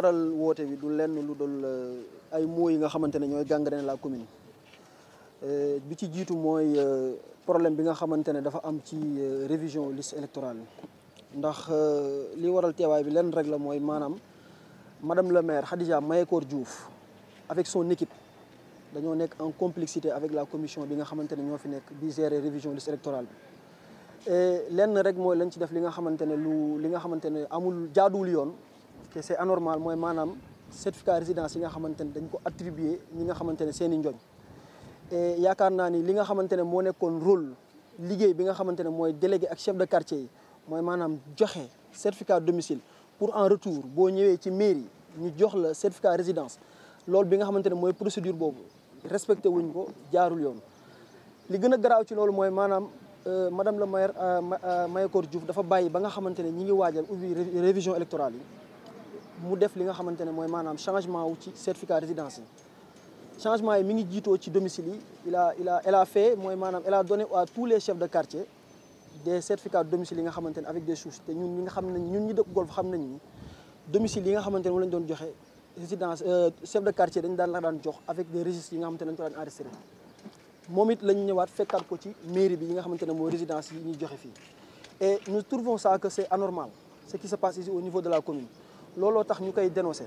waral woote bi du lenn lu dul euh, ay mots yi nga xamante ne ñooy gangrène la commune euh, bi ci jiitu mooy euh, problème bi nga xamante ne dafa am ci révision liste électorale bi ndax li waral teewaay bi lenn rek la mooy maanaam madame le maire Khadija Mahécor Diouf avec son équipe dañoo nekk en complexité avec la commission bi nga xamante ne ñoo fi nekk bi gérer révision liste électorale lenn rek mooy lañ ci def li nga xamante ne lu li nga xamante ne amul jaaduwul yoon te c'est anormal mooy maanaam certificat résidence yi nga xamante ne dañ ko attribué ñi nga xamante ne seen i njoñ et yaakaar naa ni li nga xamante ne moo nekkoon rôle liggéey bi nga xamante ne mooy délégué ak chef de quartier yi mooy maanaam joxe certificat domicile pour en retour boo ñëwee ci mairie ñu jox la certificat résidence loolu bi nga xamante ne mooy procédure boobu respecté wuñ ko jaarul yoon li gën a garaaw ci loolu mooy maanaam euh, madame le may euh, euh, Mayakor Diouf dafa bàyyi ba nga xamante ne ñi ngi waajal ubbi révision électorale yi mu def li nga xamante ne mooy maanaam changement wu ci certificat résidence yi changement yi mi ngi jiitoo ci domicile yi il a il a elle mooy maanaam elle a donné à tous les chefs de quartier des certificats de yi nga xamante ne avec des souches te ñun ñi nga xam nañ ñun ñi dëkk Golf xam nañ ni domicile yi nga xamante ne mu lañ doon joxe résidence euh, chef de quartier dañ daan la daan jox avec des registres yi nga xamante ne dañ ko daan enregistré moom it lañ ñëwaat fekkaat ko ci mairie bi yi nga xamante ne mooy résidence yi ñuy joxe fii et nous trouvons ça que la commune looloo tax ñu koy dénoncé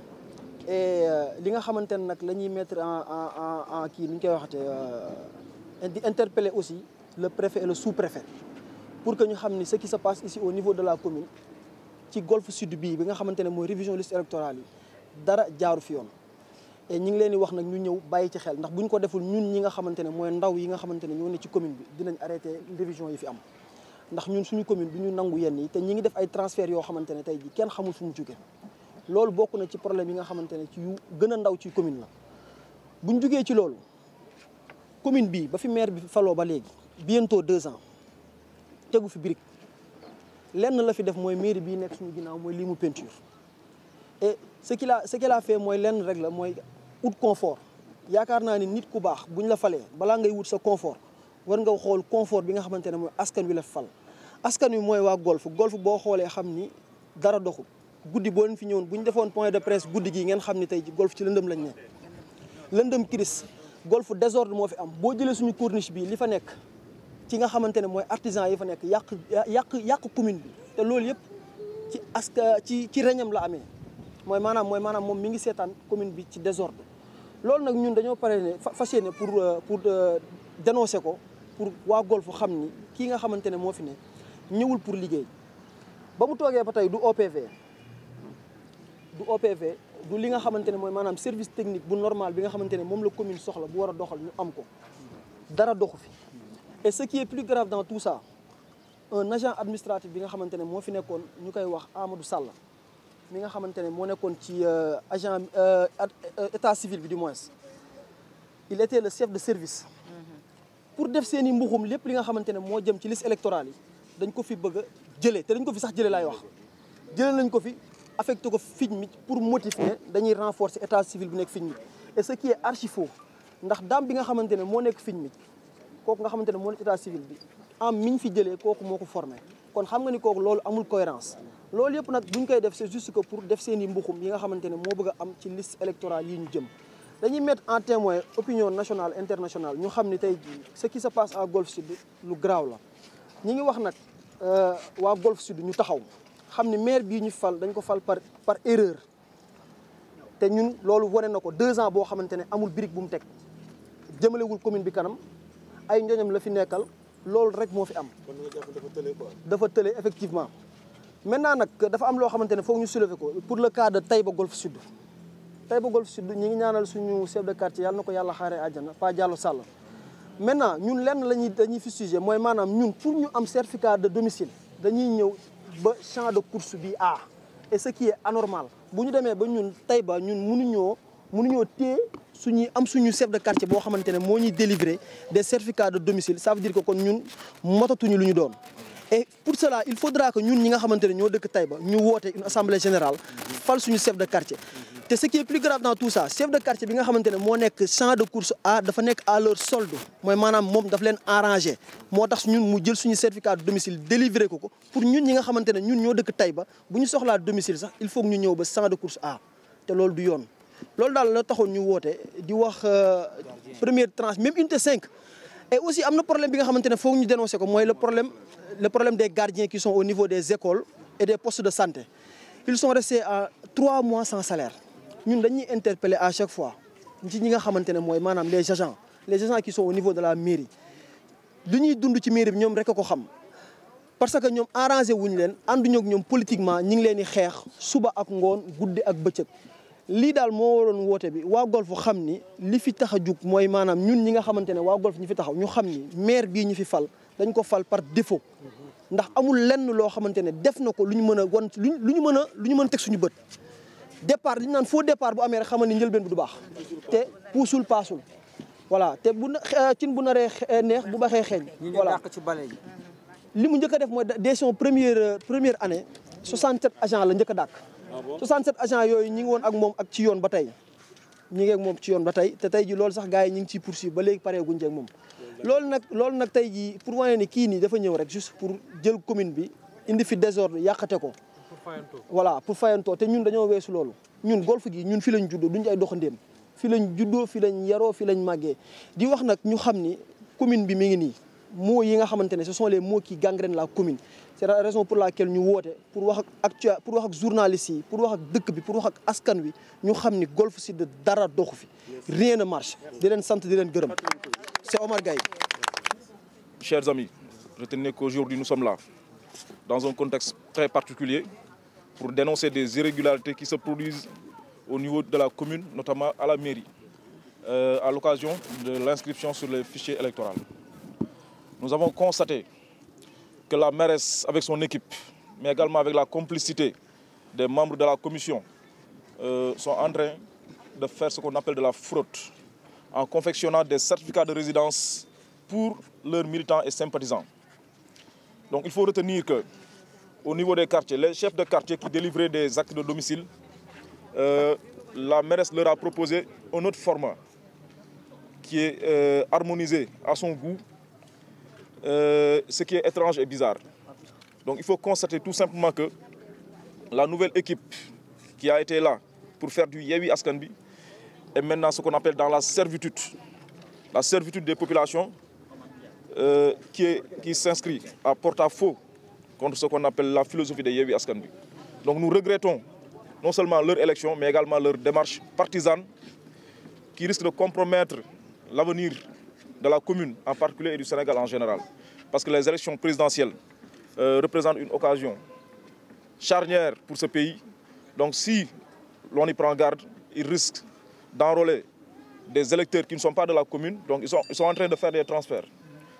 et euh, li nga xamante ne nag la ñuy mettre en en en kii nu ñu koy waxatee euh, di interpeller aussi le préfet et le sous-préfet pour que ñu xam ni ce qui se passe ici au niveau de la commune ci golfe sud bii bi nga xamante ne mooy révision liste électorale yi dara jaaru fi yoon. e ñi ngi leen di wax nag ñu ñëw bàyyi ci xel ndax bu ñu ko deful ñun ñi nga xamante ne mooy ndaw yi nga xamante ne ñoo ne ci commune bi dinañ arrêté révision yi fi am. ndax ñun suñu commune bi ñu nangu yenn yi te ñi ngi def ay transfert yoo xamante ne tey jii kenn xamul fu mu loolu bokk na ci problème bi nga xamante ne ci yu gën ndaw ci commune la bu ñu ci loolu commune bi ba fi maire bi faloo ba léegi bientôt deux ans tegu fi brique lenn la fi def mooy maire bii nekk suñu ginnaaw mooy lii mu peinture et ce qu'il a ce qu'il a mooy lenn rek la mooy ut confort yaakaar naa ni nit ku baax bu ñu la falee balaa ngay wut sa confort war nga xool confort bi nga xamante ne mooy askan wi la fal askan wi mooy waa golf golf boo xoolee xam ni dara doxul guddi boo leen fi ñëwoon bu ñu defoon point de presse guddi gi ngeen xam ne tey golf ci lëndëm lañ ne lëndëm crise golf désordre moo fi am boo jëlee suñu corniche bi li fa nekk ci nga xamante ne mooy artisan yi fa nekk yàq yàq yàq commune bi te loolu yëpp ci aska ci ci reñam la amee mooy maanaam mooy maanaam moom mu ngi seetaan commune bi ci désordre loolu nag ñun dañoo pare ne fas yéene pour euh, pour euh, dénoncer ko pour waa golf xam ni kii nga xamante ne moo fi ne ñëwul pour liggéey ba mu toogee ba tey du OPV du OPV du li nga xamante ne mooy maanaam service technique bu normal bi nga xamante ne moom la commune soxla bu war a doxal ñu am ko dara doxu fi et ce qui est plus grave dans tout ça un agent administratif bi nga xamante ne moo fi nekkoon ñu koy wax Amadou Sall mi nga xamante ne moo nekkoon ci euh, agent euh, euh, état civil bi du moins il était le chef de service mm-hmm. pour def seen i mbuxum lépp li nga xamante ne moo jëm ci liste électorale yi dañ ko fi bëgg a jëlee te dañ ko fi sax jëlee laay wax jëlee nañ ko fi affecté ko FIGMIC pour motif ne dañuy renforcer état civil bu nekk FIGMIC et ce qui est archi ndax daam bi nga xamante ne moo nekk FIGMIC kooku nga xamante ne moo nekk état civil bi am miñ fi jëlee kooku moo ko formé kon xam nga ni kooku loolu amul cohérence loolu yëpp nag buñ koy def c'est juste que pour def seeni i mbuxum yi nga xamante ne moo bëgg a am ci liste électorale yi ñu jëm dañuy mettre en témoin opinion nationale international ñu xam ni tey jii ce qui se à Golf Sud lu graaw la ñi ngi wax nag euh, waa Golf Sud ñu taxaw xam ni maire bii ñu fal dañ ko fal par par erreur te ñun loolu wone na ko deux ans boo xamante ne amul brique bu mu teg jëmalewul commune bi kanam ay njoñam la fi nekkal loolu rek moo fi am. dafa tële quoi. dafa tële effectivement maintenant nag dafa am loo xamante ne foog ñu soulever ko pour le cas de Taïba Golf Sud. Taïba Golf Sud ñi ngi ñaanal suñu chef de quartier yàlla na ko yàlla xaaree àjjana Pa Diallo Sall. maintenant ñun lenn lañuy dañuy fi sujet mooy maanaam ñun pour ñu am certificat de domicile dañuy ñëw. ba champ de course bi A et ce qui est anormal bu ñu demee ba ñun Taïba ñun mënuñoo mënuñoo téye suñuy am suñu chef de quartier boo xamante ne moo ñuy délivrer des certificats de domicile ça veut dire que kon ñun motatuñu lu ñu doon. et pour cela il faudra que ñun ñi nga xamante ne ñoo dëkk ba ñu woote une assemblée général fal suñu chef de quartier. te ce qui est plus grave dans tout ça chef de quartier bi nga xamante ne moo nekk champ de course à dafa nekk à leur mooy maanaam moom dafa leen arrangé moo tax ñun mu jël suñu certificat de domicile délivré ko ko pour ñun ñi nga xamante ne ñun ñoo dëkk Taïba bu ñu soxlaa domicile sax il faut ñu ñëw ba champ de course à te loolu du yoon loolu daal la taxoon ñu woote di wax euh, première tranche même unité 5 et aussi am na problème bi nga xamante ne foog ñu dénoncé ko mooy le problème le problème des gardiens qui sont au niveau des écoles et trois mois sans salaire ñun dañuy interpeller à chaque fois ci ñi nga xamante ne mooy maanaam les agents les agents qui sont au niveau de la mairie lu ñuy dund ci mairie bi ñoom rek a ko xam parce que ñoom arrangé wuñu leen ànduñu ak ñoom politiquement ñi ngi leen di xeex suba ak ngoon guddi ak bëccëg lii daal moo waroon woote bi waa golf xam ni li fi tax a jug mooy maanaam ñun ñi nga xamante ne waa golf ñu fi taxaw ñu xam ni maire bii ñu fi fal dañ ko fal par défo ndax amu lenn loo xamante ne def na ko lu ñu mën a wan lu ñu mën a lu ñu mën teg suñu bët départ li naan foo départ bu amee rek xamal ni njëlbeen bi du baax te puusul paasul voilà te bu eh, cin bu naree eh, neex bu baxee xeeñ voilà li mu njëkk a def mooy dès son première euh, première année 67 agents la njëkk a dàkk 67 ah agents yooyu ñi ngi woon ak moom ak ci yoon ba tey ñi ngi moom ci yoon ba tey te tey ji loolu sax gars yi ñi ngi ciy poursuivre ba léegi pare guñ ci moom loolu nag loolu nag tey ji pour wane ni kii nii dafa ñëw rek juste pour jël commune bi indi fi désordre yàqate ko voilà pour fayantoo te ñun dañoo weesu loolu ñun golf gi ñun fi lañ juddoo duñu ay doxandéem fi lañ juddoo fi lañ yaroo fi lañ màggee di wax nag ñu xam ni commune bi mi ngi nii moo yi nga xamante ne ce sont les moo kii gangrènent la commune c'est la raison pour laquelle ñu woote pour wax ak actuel pour wax ak yi pour wax ak dëkk bi pour wax ak askan wi ñu xam ni Golf Sud dara doxu fi rien ne marche di leen sant di leen gërëm c'est Omar Gaye chers amis retenez qu'aujourd'hui nous sommes là dans un contexte très pour dénoncer des irrégularités qui se produisent au niveau de la commune, notamment à la mairie, euh, à l'occasion de l'inscription sur le fichier électoral. Nous avons constaté que la mairesse, avec son équipe, mais également avec la complicité des membres de la commission, euh, sont en train de faire ce qu'on appelle de la fraude, en confectionnant des certificats de résidence pour leurs militants et sympathisants. Donc il faut retenir au niveau des quartiers, les chefs de quartier qui délivraient des actes de domicile, euh, la mairesse leur a proposé un autre format qui est euh, harmonisé à son goût, euh, ce qui est étrange et bizarre. Donc il faut constater tout simplement que la nouvelle équipe qui a été là pour faire du Yewi Askanbi est maintenant ce qu'on appelle dans la servitude, la servitude des populations euh, qui s'inscrit à porte-à-faux contre ce qu'on appelle la philosophie de Yewwi Askan Wi. Donc nous regrettons non seulement leur élection, mais également leur démarche partisane qui risque de compromettre l'avenir de la commune en particulier et du Sénégal en général. Parce que les élections présidentielles euh, représentent une occasion charnière pour ce pays. Donc si l'on y prend garde, ils risquent d'enrôler des électeurs qui ne sont pas de la commune. Donc ils sont, en train de faire des transferts.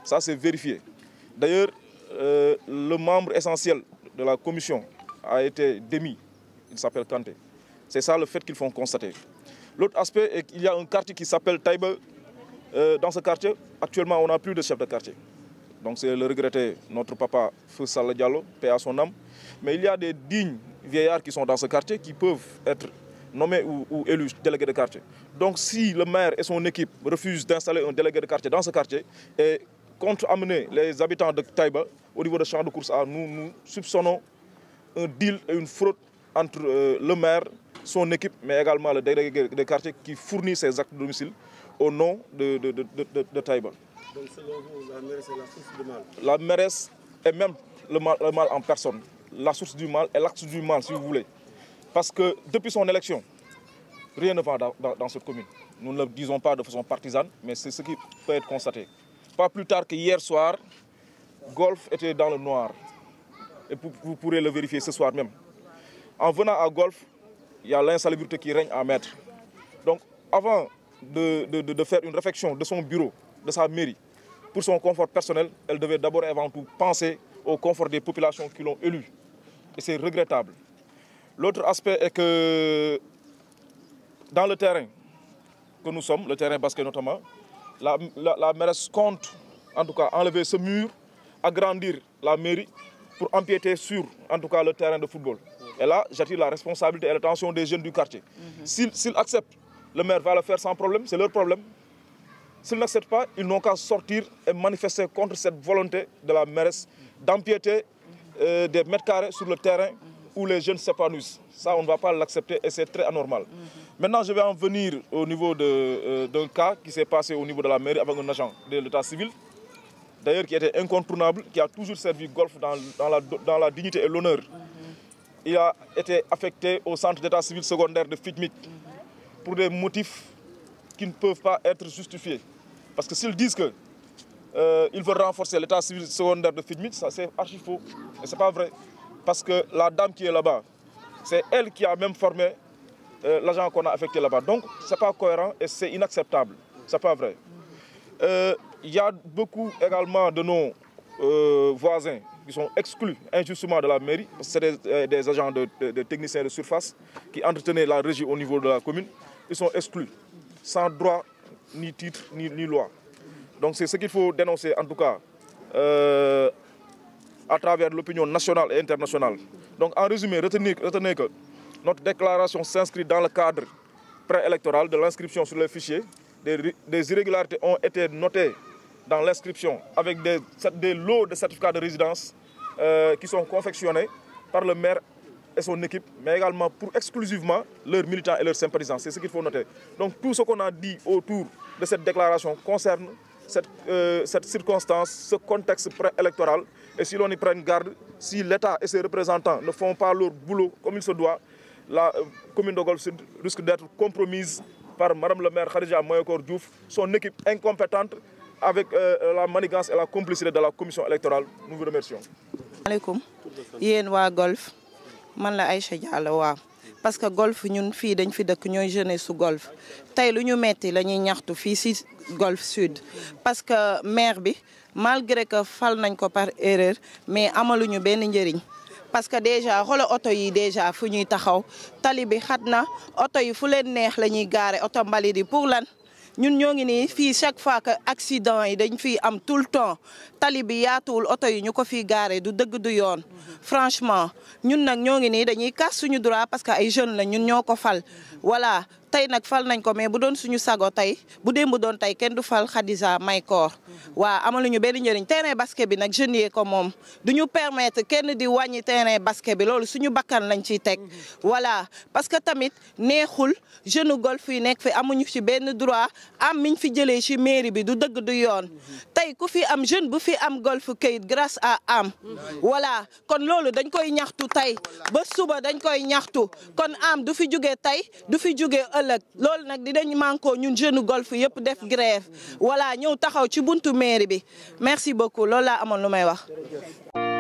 Ça, Euh, le membre essentiel de la commission a été démis. Il s'appelle Kanté. C'est ça le fait qu'ils font constater. L'autre aspect est qu'il y a un quartier qui s'appelle Taïba. Euh, dans ce quartier, actuellement, on n'a plus de chef de quartier. Donc c'est le regretté, notre papa Feu Salah Diallo, paix à son âme. Mais il y a des dignes vieillards qui sont dans ce quartier qui peuvent être nommés ou, ou élus délégués de quartier. Donc si le maire et son équipe refusent d'installer un délégué de quartier dans ce quartier au niveau de champ de course A, nous, nous un deal et une fraude entre euh, le maire, son équipe, mais également le délégué de quartier qui fournit ces actes de domicile au nom de, de, la mairesse est même le mal, en personne. La source du mal est l'acte du mal, si vous voulez. Parce que depuis son élection, rien ne va dans, cette commune. Nous ne le disons pas de façon partisane, mais c'est ce qui peut être constaté. Pas plus tard que hier soir, Golf était dans le noir. Et vous pourrez le vérifier ce soir même. En venant à Golf, il y a l'insalubrité qui règne à maître. Donc avant de, de, de faire une réflexion de son bureau, de sa mairie, pour son confort personnel, elle devait d'abord et avant tout penser au confort des populations qui l'ont élue. Et c'est regrettable. L'autre aspect est que dans le terrain que nous sommes, le terrain parce que notamment, la, la, la mairesse compte en tout cas enlever ce mur agrandir la mairie pour empiéter sur, en tout cas, le terrain de football. Et là, j'attire la responsabilité et l'attention des jeunes du quartier. Mm -hmm. S'ils acceptent, le maire va le faire sans problème, c'est leur problème. S'ils n'acceptent pas, ils n'ont qu'à sortir et manifester contre cette volonté de la mairesse d'empiéter euh, des mètres carrés sur le terrain où les jeunes s'épanouissent. Ça, on ne va pas l'accepter et c'est très anormal. Mhm. Maintenant, je vais en venir au niveau de euh, la mairie avec un agent d'ailleurs qui était incontournable, qui a toujours servi golf dans, dans, la, dignité et l'honneur. Mm-hmm. Il a été affecté au centre d'état civil secondaire de FITMIC mm-hmm. pour des motifs qui ne peuvent pas être justifiés. Parce que s'ils disent qu'ils euh, veulent renforcer l'état civil secondaire de FITMIC, ça c'est archi faux. Et c'est pas vrai. Parce que la dame qui est là-bas, c'est elle qui a même formé euh, l'agent qu'on a affecté là-bas. Donc c'est pas cohérent et c'est inacceptable. C'est pas Euh, y a beaucoup également de nos euh, voisins qui sont exclus injustement de la mairie, parce que c'est des, euh, des, agents de, de, de, techniciens de surface qui entretenaient la régie au niveau de la commune. Ils sont exclus, sans droit, ni titre, ni, ni loi. Donc c'est ce qu'il faut dénoncer en tout cas euh, à travers l'opinion nationale et internationale. Donc en résumé, retenez, retenez que notre déclaration s'inscrit dans le cadre préélectoral de l'inscription sur les fichiers des, des irrégularités ont été notées dans l'inscription avec des, des, lots de certificats de résidence euh, qui sont confectionnés par le maire et son équipe, mais également pour exclusivement leurs militants et leurs sympathisants. C'est ce qu'il faut noter. Donc tout ce qu'on a dit autour de cette déclaration concerne cette, euh, cette circonstance, ce contexte préélectoral. Et si l'on y prend garde, si l'État et ses représentants ne font pas leur boulot comme il se doit, la euh, commune de Golfe Sud risque d'être compromise par Madame le maire Khadija Moyokor Diouf, son équipe incompétente avec euh, euh, la manigance et la de la commission électorale. Nous vous remercions. Alaikum. Yéen waa golf man la Aïcha Diallo waaw parce que golf ñun fii dañ fi dëkk ñooy jeunesse su golf tey lu ñu metti la ñuy ñaxtu fii si golf sud parce que maire bi malgré que fal nañ ko par erreur mais ñu benn njëriñ parce que déjà xoola oto yi déjà fu ñuy taxaw tali bi xat na oto yi fu leen neex la ñuy gaare oto mbalit yi pour lan ñun ñoo ngi nii fii chaque fois que accident yi dañ fiy am tout le temps tali bi yaatuwul oto yi ñu ko fiy gaaree du dëgg du yoon franchement ñun nag ñoo ngi nii dañuy kaas suñu droit parce que ay jeunes la ñun ñoo ko fal voilà tey nag fal nañ ko mais bu doon suñu sago tey bu démb doon tey kenn du fal Khadija Maykor waa amaluñu benn njëriñ terrain basket bi nag jeunes yee ko moom du ñu permettre kenn di terrain basket bi loolu suñu bakkan lañ ciy teg. voilà parce que tamit neexul jeune golf yi nekk fi amuñu ci benn droit am miñ fi jëlee ci bi du dëgg du yoon tey ku fi am jeune bu fi si am golf këyit grâce à am voilà kon loolu dañ koy ñaxtu tey ba suba dañ koy ñaxtu kon am du fi jugee tey du fi jóge ëllëg loolu nag di dinañ manko ñun jeune golf yëpp def grève voilà ñëw taxaw ci buntu mairie bi merci beaucoup loolu laa amoon lu may wax